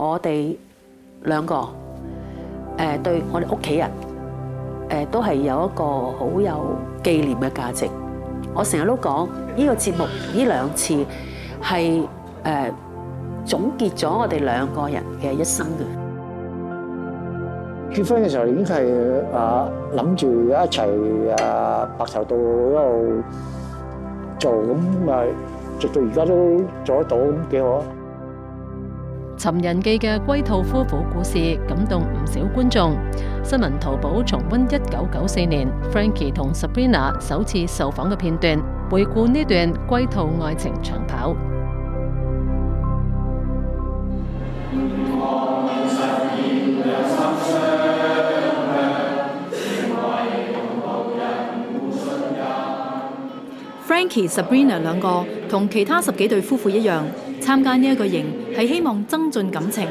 我哋兩個誒對我哋屋企人誒都係有一個好有紀念嘅價值。我成日都講呢個節目呢兩次係誒總結咗我哋兩個人嘅一生嘅。結婚嘅時候已經係啊諗住一齊啊白頭到老一路做咁咪，直到而家都做得到咁幾好啊！《尋人記》嘅龜兔夫婦故事感動唔少觀眾。新聞掏寶重溫一九九四年 Frankie 同 Sabrina 首次受訪嘅片段，回顧呢段龜兔愛情長跑。Frankie Sabrina、Sabrina 兩個同其他十幾對夫婦一樣，參加呢一個營。係希望增進感情。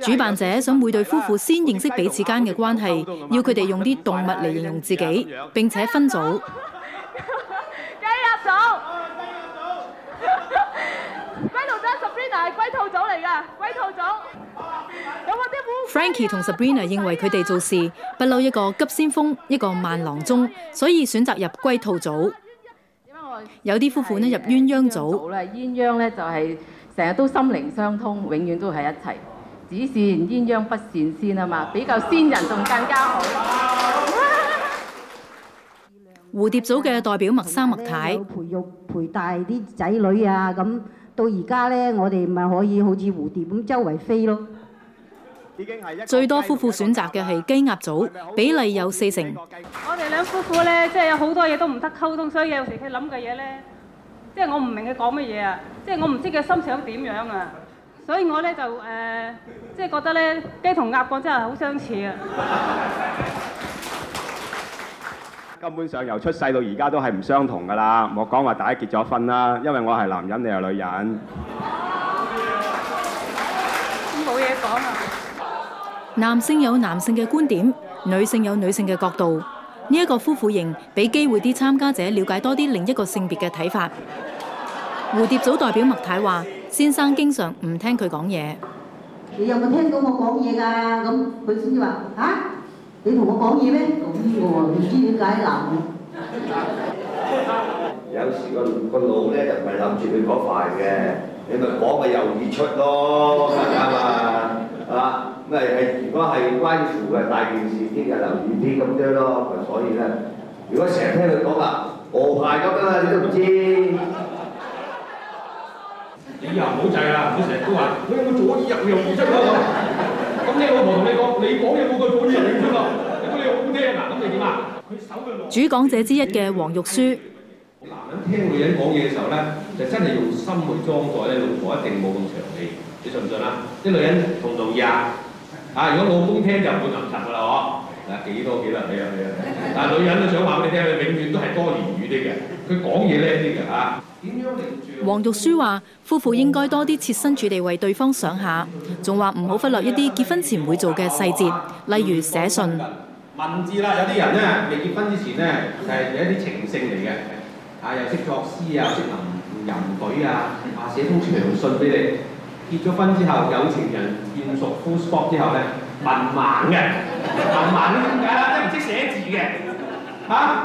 主辦者想每對夫婦先認識彼此間嘅關係，要佢哋用啲動物嚟形容自己，並且分組。雞鴨組，龜兔組。Sabrina 係龜兔組嚟噶，龜兔組。有冇啲烏？Frankie 同 Sabrina 認為佢哋做事不嬲一個急先鋒，一個慢郎中，所以選擇入龜兔組。有啲夫婦呢入鴛鴦組啦，鴛鴦咧就係成日都心靈相通，永遠都喺一齊。只羨鴛鴦不羨仙啊嘛，比較仙人仲更加好。 蝴蝶組嘅代表麥生麥太，培育培大啲仔女啊，咁到而家咧，我哋咪可以好似蝴蝶咁周圍飛咯。最多夫婦選擇嘅係雞鴨組，比例有四成。我哋兩夫婦咧，即係有好多嘢都唔得溝通，所以有時佢諗嘅嘢咧，即係我唔明佢講乜嘢啊，即係我唔知佢心想點樣啊，所以我咧就誒，即係覺得咧雞同鴨講真係好相似啊。根本上由出世到而家都係唔相同㗎啦，莫講話大家結咗婚啦，因為我係男人，你係女人。冇嘢講啊！男性有男性嘅觀點，女性有女性嘅角度。呢一個夫婦型俾機會啲參加者了解多啲另一個性別嘅睇法。蝴蝶組代表麥太話：先生經常唔聽佢講嘢。你有冇聽到我講嘢㗎？咁佢先至話嚇，你同我講嘢咩？咁呢個話我唔知點解冧？有時個個腦咧就唔係諗住呢嗰塊嘅，你咪講個右耳出咯，啱嘛？啊！咪係如果係關乎嘅大件事，先係留意啲咁樣咯。咁所以咧，如果成日聽佢講啊，惡派咁啊，你都唔知。你以後唔好滯啊！唔好成日都話，我有冇左耳入右耳出啊？咁聽老婆同你講，你講嘢冇個左耳入右耳出啊？如果你好聽啊？咁你點啊？主講者之一嘅黃玉書，男人聽女人講嘢嘅時候咧，就真係用心嚟裝載咧。老婆一定冇咁長氣，你信唔信啊？啲女人同唔同意啊？啊！如果老公聽就唔會淋淋噶啦，嗬？嗱，幾多幾多？係啊係啊！你啊 但係女人都想話俾你聽，佢永遠都係多言語啲嘅，佢講嘢叻啲嘅嚇。點、啊、樣？黃玉書話，夫婦應該多啲設身處地為對方想下，仲話唔好忽略一啲結婚前會做嘅細節，例如寫信文字啦。有啲人呢，未結婚之前呢，就係有一啲情聖嚟嘅，啊又識作詩啊，識吟吟詠句啊，寫封長信俾你。結咗婚之後，有情人見熟，full stop 之後咧文盲嘅，文盲啲點解咧？即係唔識寫字嘅嚇、啊。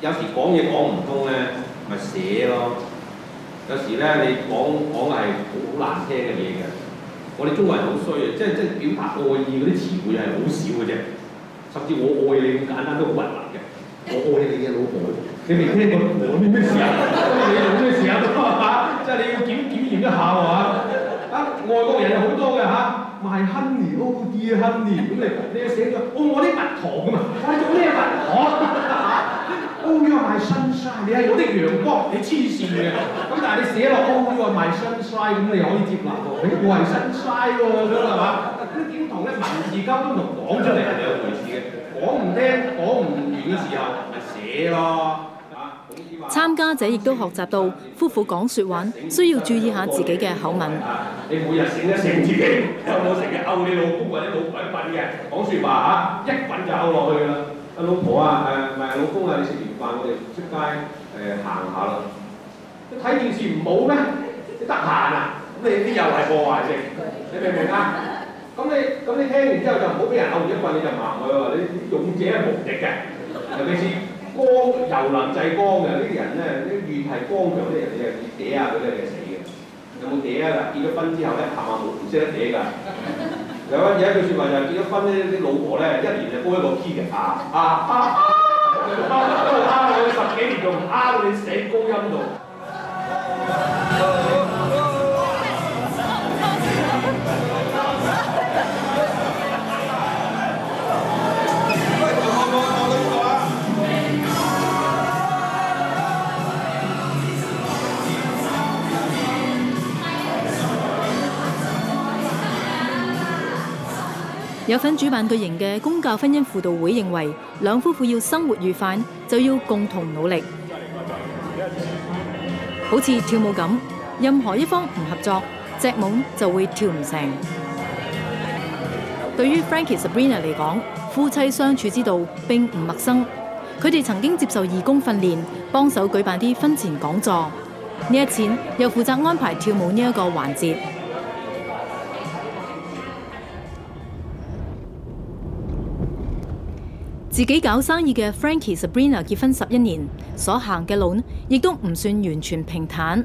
有時講嘢講唔通咧，咪寫咯。有時咧你講講嘅係好好難聽嘅嘢嘅。我哋中國人好衰啊，即係即係表達愛意嗰啲詞語係好少嘅啫。甚至我愛你咁簡單都好困難嘅。我愛你嘅老婆，你未聽過我咩時候？你咩事啊？即係你要檢檢驗一下。而係黏嚟，你寫咗哦，我啲蜜糖啊，我係做咩蜜糖？You are my sunshine，你係用啲陽光，你黐線嘅。咁但係你寫落 You are my sunshine，咁你又可以接納到。你賣 sunshine 喎，係嘛？咁點同咧，文字溝通同講出嚟係兩回事嘅，講唔聽，講唔完嘅時候，咪寫咯。參加者亦都學習到，夫婦講説話需要注意下自己嘅口吻。你每日醒一醒自己，有冇成日勾你老公或者老鬼瞓嘅講説話嚇，一滾就勾落去啦。阿老婆啊，誒阿老公啊，你食完飯我哋出街誒行下啦。你睇電視唔好咩？你得閒啊，咁你啲又係破壞性，你明唔明啊？咁你咁你聽完之後就唔好俾人勾完一棍你就猛佢喎，你啲勇者係無敵嘅，尤其是。光油能制光嘅呢啲人咧，啲遇係光陽啲人哋又嗲下佢咧，係死嘅。有冇嗲啊？嗱，結咗婚之後咧，行行冇唔識得嗲噶。有乜有一句說話就係結咗婚咧，啲老婆咧一年就煲一個 key 嘅，啊啊啊啊，十幾年仲啊到你死高音度。有份主辦隊型嘅公教婚姻輔導會認為，兩夫婦要生活愉快，就要共同努力。好似跳舞咁，任何一方唔合作，隻舞就會跳唔成。對於 Frankie、Sabrina 嚟講，夫妻相處之道並唔陌生。佢哋曾經接受義工訓練，幫手舉辦啲婚前講座。呢一次又負責安排跳舞呢一個環節。自己搞生意嘅 Frankie、Sabrina 結婚十一年，所行嘅路呢，亦都唔算完全平坦。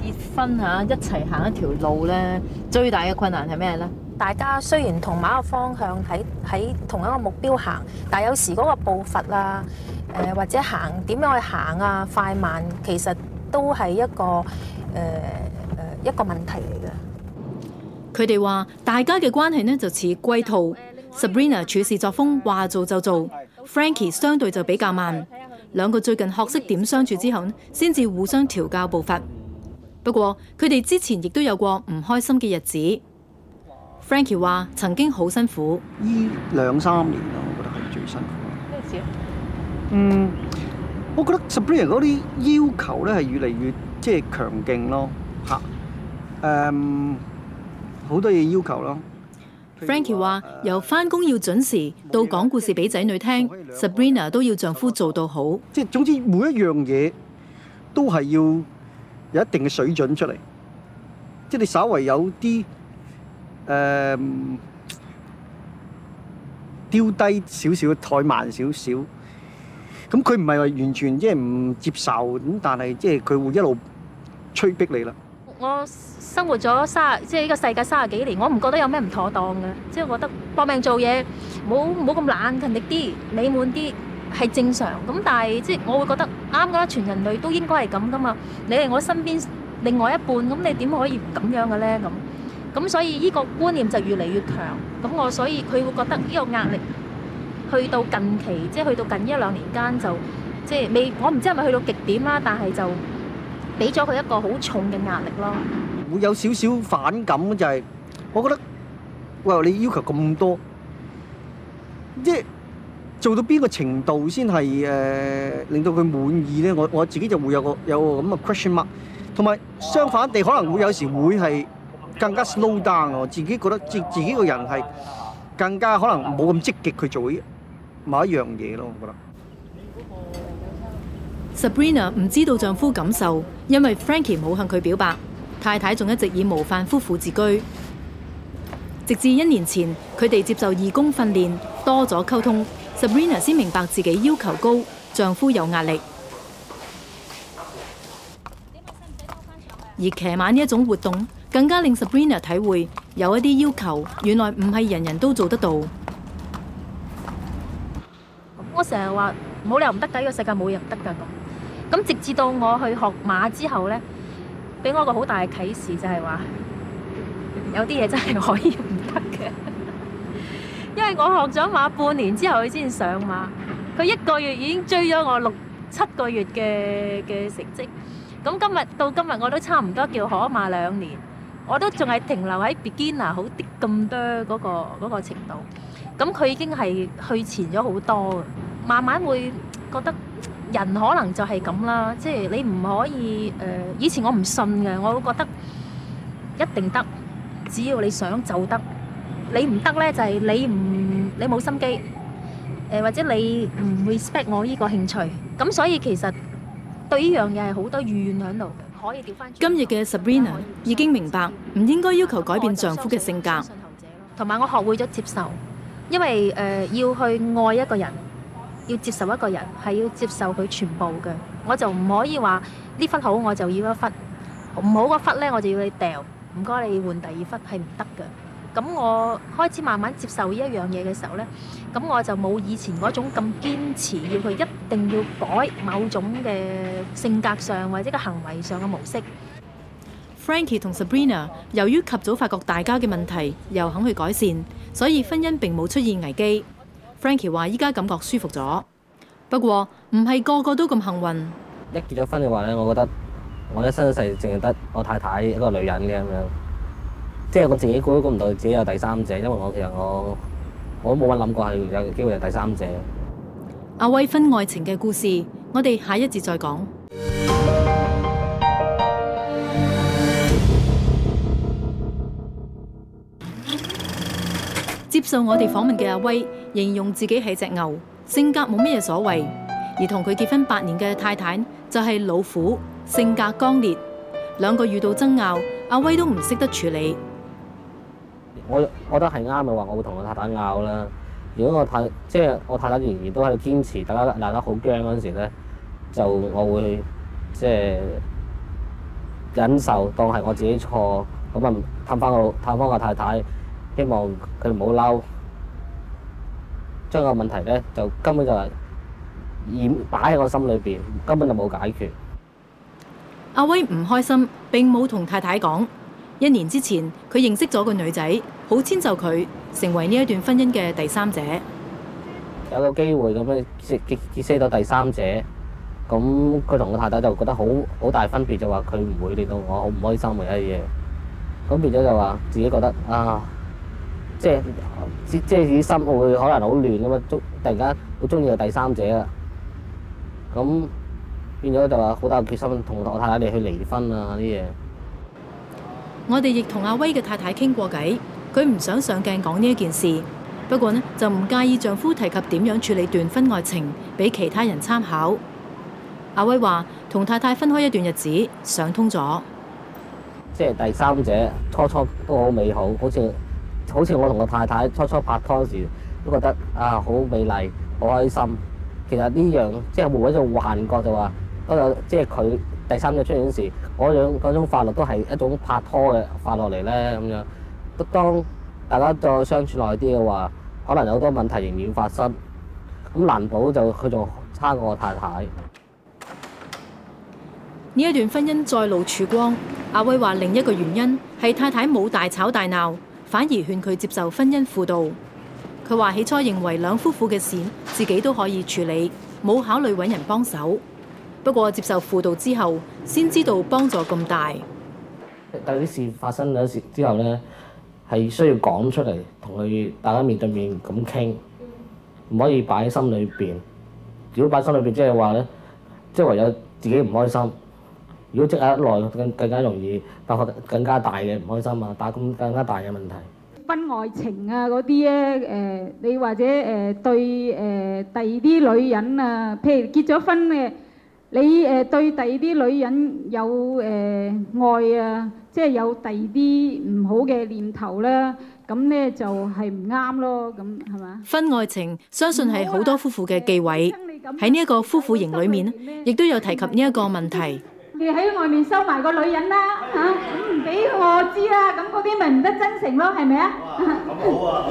結婚吓，一齊行一條路咧，最大嘅困難係咩咧？大家雖然同某一個方向喺喺同一個目標行，但係有時嗰個步伐啦，誒、呃、或者行點樣去行啊，快慢，其實都係一個誒誒、呃、一個問題嚟嘅。佢哋話，大家嘅關係呢，就似龜兔。Sabrina 處事作風話做就做，Frankie 相對就比較慢。兩個最近學識點相處之後，先至互相調教步伐。不過佢哋之前亦都有過唔開心嘅日子。Frankie 話曾經好辛苦，依兩三年我覺得係最辛苦。嗯，我覺得 Sabrina 嗰啲要求咧係越嚟越即係、就是、強勁咯。吓、嗯？誒好多嘢要求咯。Frankie 話：由返工要準時，到講故事俾仔女聽，Sabrina 都要丈夫做到好。即總之每一樣嘢都係要有一定嘅水準出嚟。即你稍為有啲誒丟低少少，怠慢少少，咁佢唔係話完全即係唔接受，咁但係即係佢會一路催逼你啦。我生活咗卅即係呢個世界卅幾年，我唔覺得有咩唔妥當嘅，即係覺得搏命做嘢，冇冇咁懶，勤力啲、美滿啲係正常。咁但係即係我會覺得啱嘅，全人類都應該係咁噶嘛。你係我身邊另外一半，咁你點可以咁樣嘅咧？咁咁所以呢個觀念就越嚟越強。咁我所以佢會覺得呢個壓力去到近期，即係去到近一兩年間就即係未，我唔知係咪去到極點啦，但係就。俾咗佢一個好重嘅壓力咯，會有少少反感就係，我覺得喂你要求咁多，即係做到邊個程度先係呃令到佢滿意咧？我我自己就會有個有個咁嘅 question mark。同埋相反地，可能會有時會係更加 slow down。我自己覺得自己自己個人係更加可能冇咁積極去做某一樣嘢咯，我覺得。Sabrina 唔知道丈夫感受，因為 Frankie 冇向佢表白，太太仲一直以模範夫婦自居。直至一年前，佢哋接受義工訓練，多咗溝通，Sabrina 先明白自己要求高，丈夫有壓力。而騎馬呢一種活動，更加令 Sabrina 體會有一啲要求，原來唔係人人都做得到。我成日話冇理由唔得嘅，呢個世界冇嘢唔得噶咁。咁直至到我去學馬之後呢，俾我個個好大嘅啟示就是說，就係話有啲嘢真係可以唔得嘅。 因為我學咗馬半年之後，佢先上馬，佢一個月已經追咗我六七個月嘅嘅成績。咁今日到今日我都差唔多叫騎馬兩年，我都仲係停留喺 beginner 好啲咁多嗰、嗰個嗰、嗰個程度。咁佢已經係去前咗好多，慢慢會覺得。人可能就係咁啦，即係你唔可以誒。以前我唔信嘅，我會覺得一定得，只要你想就得。你唔得咧，就係你唔你冇心機誒，或者你唔 respect 我依個興趣。咁所以其實對依樣嘢係好多預怨喺度，可以調翻轉。今日嘅 Sabrina 已經明白唔應該要求改變丈夫嘅性格，同埋我學會咗接受，因為誒要去愛一個人。要接受一個人係要接受佢全部嘅，我就唔可以話呢忽好，我就要一忽，唔好嗰忽呢我就要你掉，唔該你換第二忽係唔得嘅。咁我開始慢慢接受呢一樣嘢嘅時候呢，咁我就冇以前嗰種咁堅持要佢一定要改某種嘅性格上或者個行為上嘅模式。Frankie 同 Sabrina 由於及早發覺大家嘅問題，又肯去改善，所以婚姻並冇出現危機。Frankie 話：依家感覺舒服咗，不過唔係個個都咁幸運。一結咗婚嘅話咧，我覺得我一生一世淨係得我太太一個女人嘅咁樣，即係我自己估都估唔到自己有第三者，因為我其實我我都冇乜諗過係有機會有第三者。阿威婚愛情嘅故事，我哋下一節再講。接受我哋訪問嘅阿威。形容自己係隻牛，性格冇咩嘢所謂；而同佢結婚八年嘅太太就係老虎，性格剛烈。兩個遇到爭拗，阿威都唔識得處理。我我覺得係啱嘅話，我會同我太太拗啦。如果我太即係我太太仍然都喺度堅持，大家鬧得好驚嗰陣時咧，就我會即係、就是、忍受，當係我自己錯，咁啊探翻我探翻我太太，希望佢唔好嬲。將個問題咧就根本就係掩擺喺我心裏邊，根本就冇解決。阿威唔開心，並冇同太太講。一年之前，佢認識咗個女仔，好遷就佢，成為呢一段婚姻嘅第三者。有個機會咁樣結結結識到第三者，咁佢同個太太就覺得好好大分別，就話佢唔會令到我好唔開心嘅一嘢。咁變咗就話自己覺得啊。即係即係，自己心會可能好亂咁嘛。中突然間好中意個第三者啦，咁變咗就話好大決心同我太太哋去離婚啊啲嘢。我哋亦同阿威嘅太太傾過偈，佢唔想上鏡講呢一件事。不過呢，就唔介意丈夫提及點樣處理段婚外情，俾其他人參考。阿威話：同太太分開一段日子，想通咗。即係第三者，初初都好美好，好似～好似我同個太太初初拍拖時，都覺得啊，好美麗，好開心。其實呢樣即係換一種幻覺就話，有，即係佢第三日出現嗰時，嗰種嗰種快樂都係一種拍拖嘅快樂嚟呢。咁樣，當大家再相處耐啲嘅話，可能有好多問題仍然發生。咁難保就佢仲差過個太太。呢一段婚姻再露曙光。阿威話：另一個原因係太太冇大吵大鬧。反而勸佢接受婚姻輔導。佢話起初認為兩夫婦嘅事自己都可以處理，冇考慮揾人幫手。不過接受輔導之後，先知道幫助咁大。但係啲事發生咗事之後呢，係需要講出嚟，同佢大家面對面咁傾，唔可以擺喺心裏邊。如果擺心裏邊，即係話呢，即係唯有自己唔開心。如果即刻耐，更更加容易包括更加大嘅唔開心啊！打工更加大嘅問題，婚外情啊嗰啲咧，誒你或者誒對誒第二啲女人啊，譬如結咗婚嘅，你誒對第二啲女人有誒愛啊，即係有第二啲唔好嘅念頭啦，咁咧就係唔啱咯。咁係嘛？婚外情相信係好多夫婦嘅忌諱，喺呢一個夫婦型裏面咧，亦都有提及呢一個問題。你喺外面收埋個女人啦嚇，唔俾我知啦，咁嗰啲咪唔得真誠咯，係咪啊？咁好啊！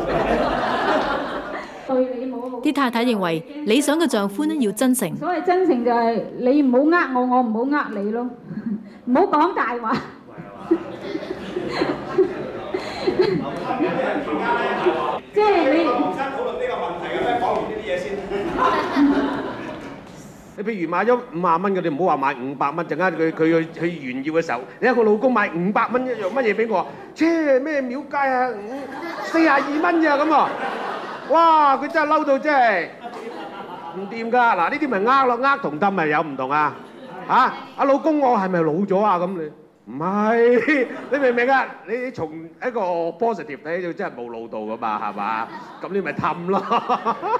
對你冇。啲太太認為理想嘅丈夫呢要真誠。所謂真誠就係你唔好呃我，我唔好呃你咯，唔好講大話。即係你。重新討論呢個問題嘅，講完呢啲嘢先。你譬如買咗五啊蚊嘅，你唔好話買五百蚊，陣間佢佢去去炫耀嘅時候，你一個老公買五百蚊一樣乜嘢俾我，切咩廟街啊，五四啊二蚊咋咁啊，哇佢真係嬲到真係唔掂㗎，嗱呢啲咪呃咯，呃同氹咪有唔同啊，吓、啊，阿老公我係咪老咗啊咁你？唔係，你明唔明啊？你從一個 positive 睇就真係冇老到㗎嘛係嘛？咁你咪氹咯。呵呵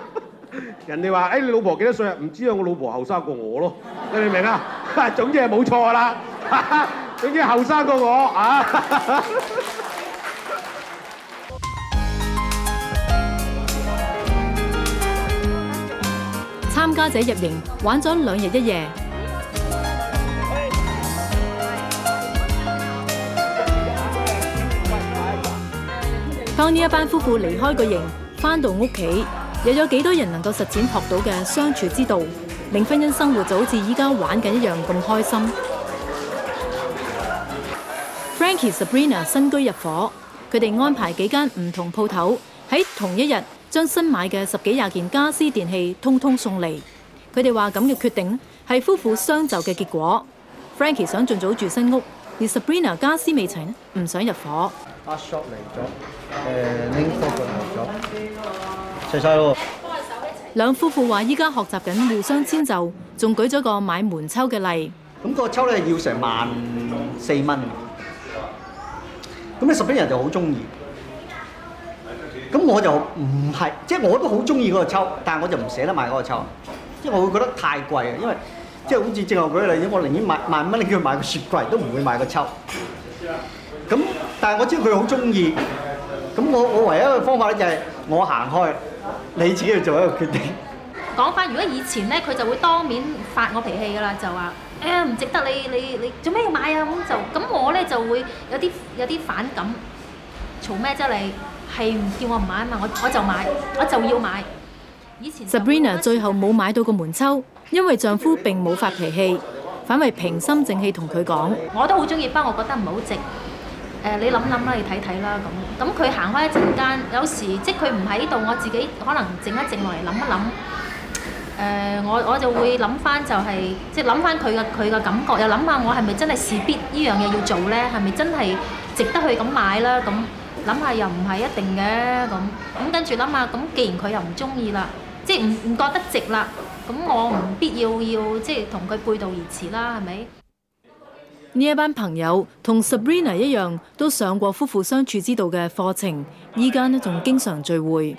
人哋話：誒、哎，你老婆幾多歲啊？唔知啊，我老婆後生過我咯，你明唔明啊？總之係冇錯啦，總之後生過我啊！ 參加者入營玩咗兩日一夜， 當呢一班夫婦離開個營，翻到屋企。又有幾多人能夠實踐學到嘅相處之道，令婚姻生活就好似依家玩緊一樣咁開心？Frankie、Sabrina 新居入伙，佢哋安排幾間唔同鋪頭喺同一日將新買嘅十幾廿件家私電器通通送嚟。佢哋話咁嘅決定係夫婦相就嘅結果。Frankie 想盡早住新屋，而 Sabrina 家私未齊，唔想入伙。鋪頭嚟咗，兩夫婦話：依家學習緊互相遷就，仲舉咗個買門抽嘅例。咁個抽咧要成萬四蚊。咁你十幾人就好中意。咁我就唔係，即係我都好中意嗰個抽，但係我就唔捨得買嗰個抽，即係我會覺得太貴。因為即係好似正話舉個例子，我寧願買萬五蚊，你叫佢買個雪櫃，都唔會買個抽。咁但係我知道佢好中意。咁我我唯一嘅方法咧就係我行開。你自己去做一個決定。講返，如果以前咧，佢就會當面發我脾氣噶啦，就話，誒唔值得你你你做咩要買啊？咁就咁我咧就會有啲有啲反感。嘈咩啫，你係唔叫我唔買啊嘛，我我就買，我就要買。以前，Sabrina 最後冇買到個門抽，因為丈夫並冇發脾氣，反為平心靜氣同佢講。我都好中意，不過我覺得唔好值。誒，你諗諗啦，你睇睇啦，咁，咁佢行開一陣間，有時即係佢唔喺度，我自己可能靜一靜落嚟諗一諗，誒，我我就會諗翻就係，即係諗翻佢嘅佢嘅感覺，又諗下我係咪真係是必依樣嘢要做呢？係咪真係值得去咁買啦？咁諗下又唔係一定嘅，咁，咁跟住諗下，咁既然佢又唔中意啦，即係唔唔覺得值啦，咁我唔必要要即係同佢背道而馳啦，係咪？呢一班朋友同 Sabrina 一樣，都上過夫婦相處之道嘅課程，依家咧仲經常聚會。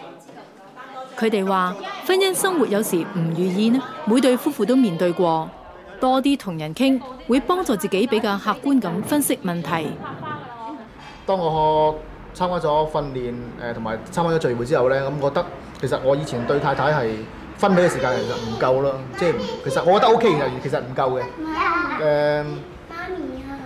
佢哋話：婚姻生活有時唔如意咧，每對夫婦都面對過。多啲同人傾，會幫助自己比較客觀咁分析問題。當我參加咗訓練誒，同埋參加咗聚會之後呢，咁覺得其實我以前對太太係分俾嘅時間其實唔夠咯，即係其實我覺得 OK，其實唔夠嘅誒。呃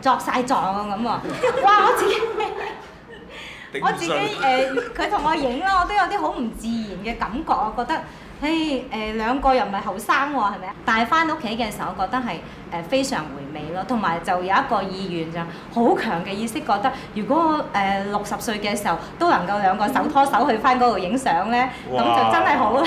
作晒狀啊咁喎！哇，我自己 我自己誒，佢、呃、同我影咯，我都有啲好唔自然嘅感覺，我覺得，嘿誒，兩、呃、個又唔係後生喎，係咪啊？但係翻屋企嘅時候，我覺得係誒非常回味咯，同埋就有一個意願就好強嘅意識，覺得如果誒六十歲嘅時候都能夠兩個手拖手去翻嗰度影相咧，咁就真係好啦。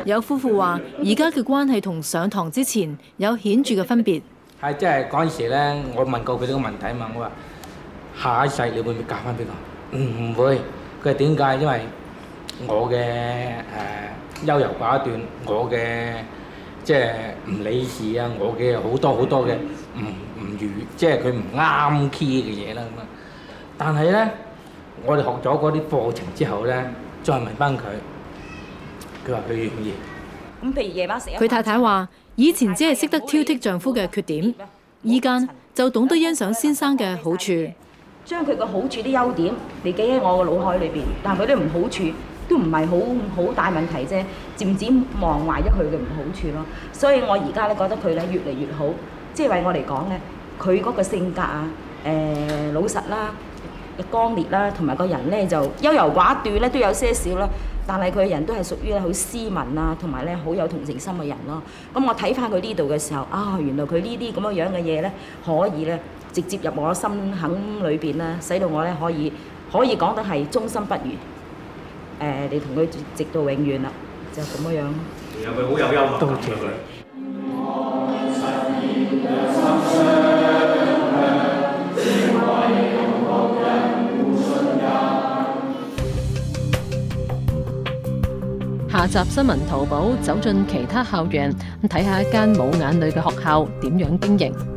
有夫婦話：而家嘅關係同上堂之前有顯著嘅分別。係，即係嗰陣時咧，我問過佢呢個問題嘛，我話下一世你會唔會嫁翻畀我？唔、嗯、唔會。佢係點解？因為我嘅誒優柔寡斷，我嘅即係唔理事啊，我嘅好多好多嘅唔唔如，即係佢唔啱 key 嘅嘢啦。咁啊，但係呢，我哋學咗嗰啲課程之後呢，再問翻佢，佢話佢願意。咁譬如夜晚食佢太太話。以前只係識得挑剔丈夫嘅缺點，依間就懂得欣賞先生嘅好處，將佢嘅好處啲優點，你記喺我嘅腦海裏邊。但係佢啲唔好處，都唔係好好大問題啫。漸漸忘懷咗佢嘅唔好處咯。所以我而家咧覺得佢咧越嚟越好。即係為我嚟講咧，佢嗰個性格啊，誒、呃，老實啦，剛烈啦，同埋個人咧就優柔寡斷咧，都有些少啦。但係佢嘅人都係屬於咧好斯文啊，同埋咧好有同情心嘅人咯、啊。咁我睇翻佢呢度嘅時候，啊，原來佢呢啲咁樣樣嘅嘢咧，可以咧直接入我心坎裏邊啦，使到我咧可以可以講得係忠心不渝。誒、呃，你同佢直到永遠啦，就咁樣。其實佢好有幽默。集新聞淘寶走進其他校園，咁睇下一間冇眼淚嘅學校點樣經營。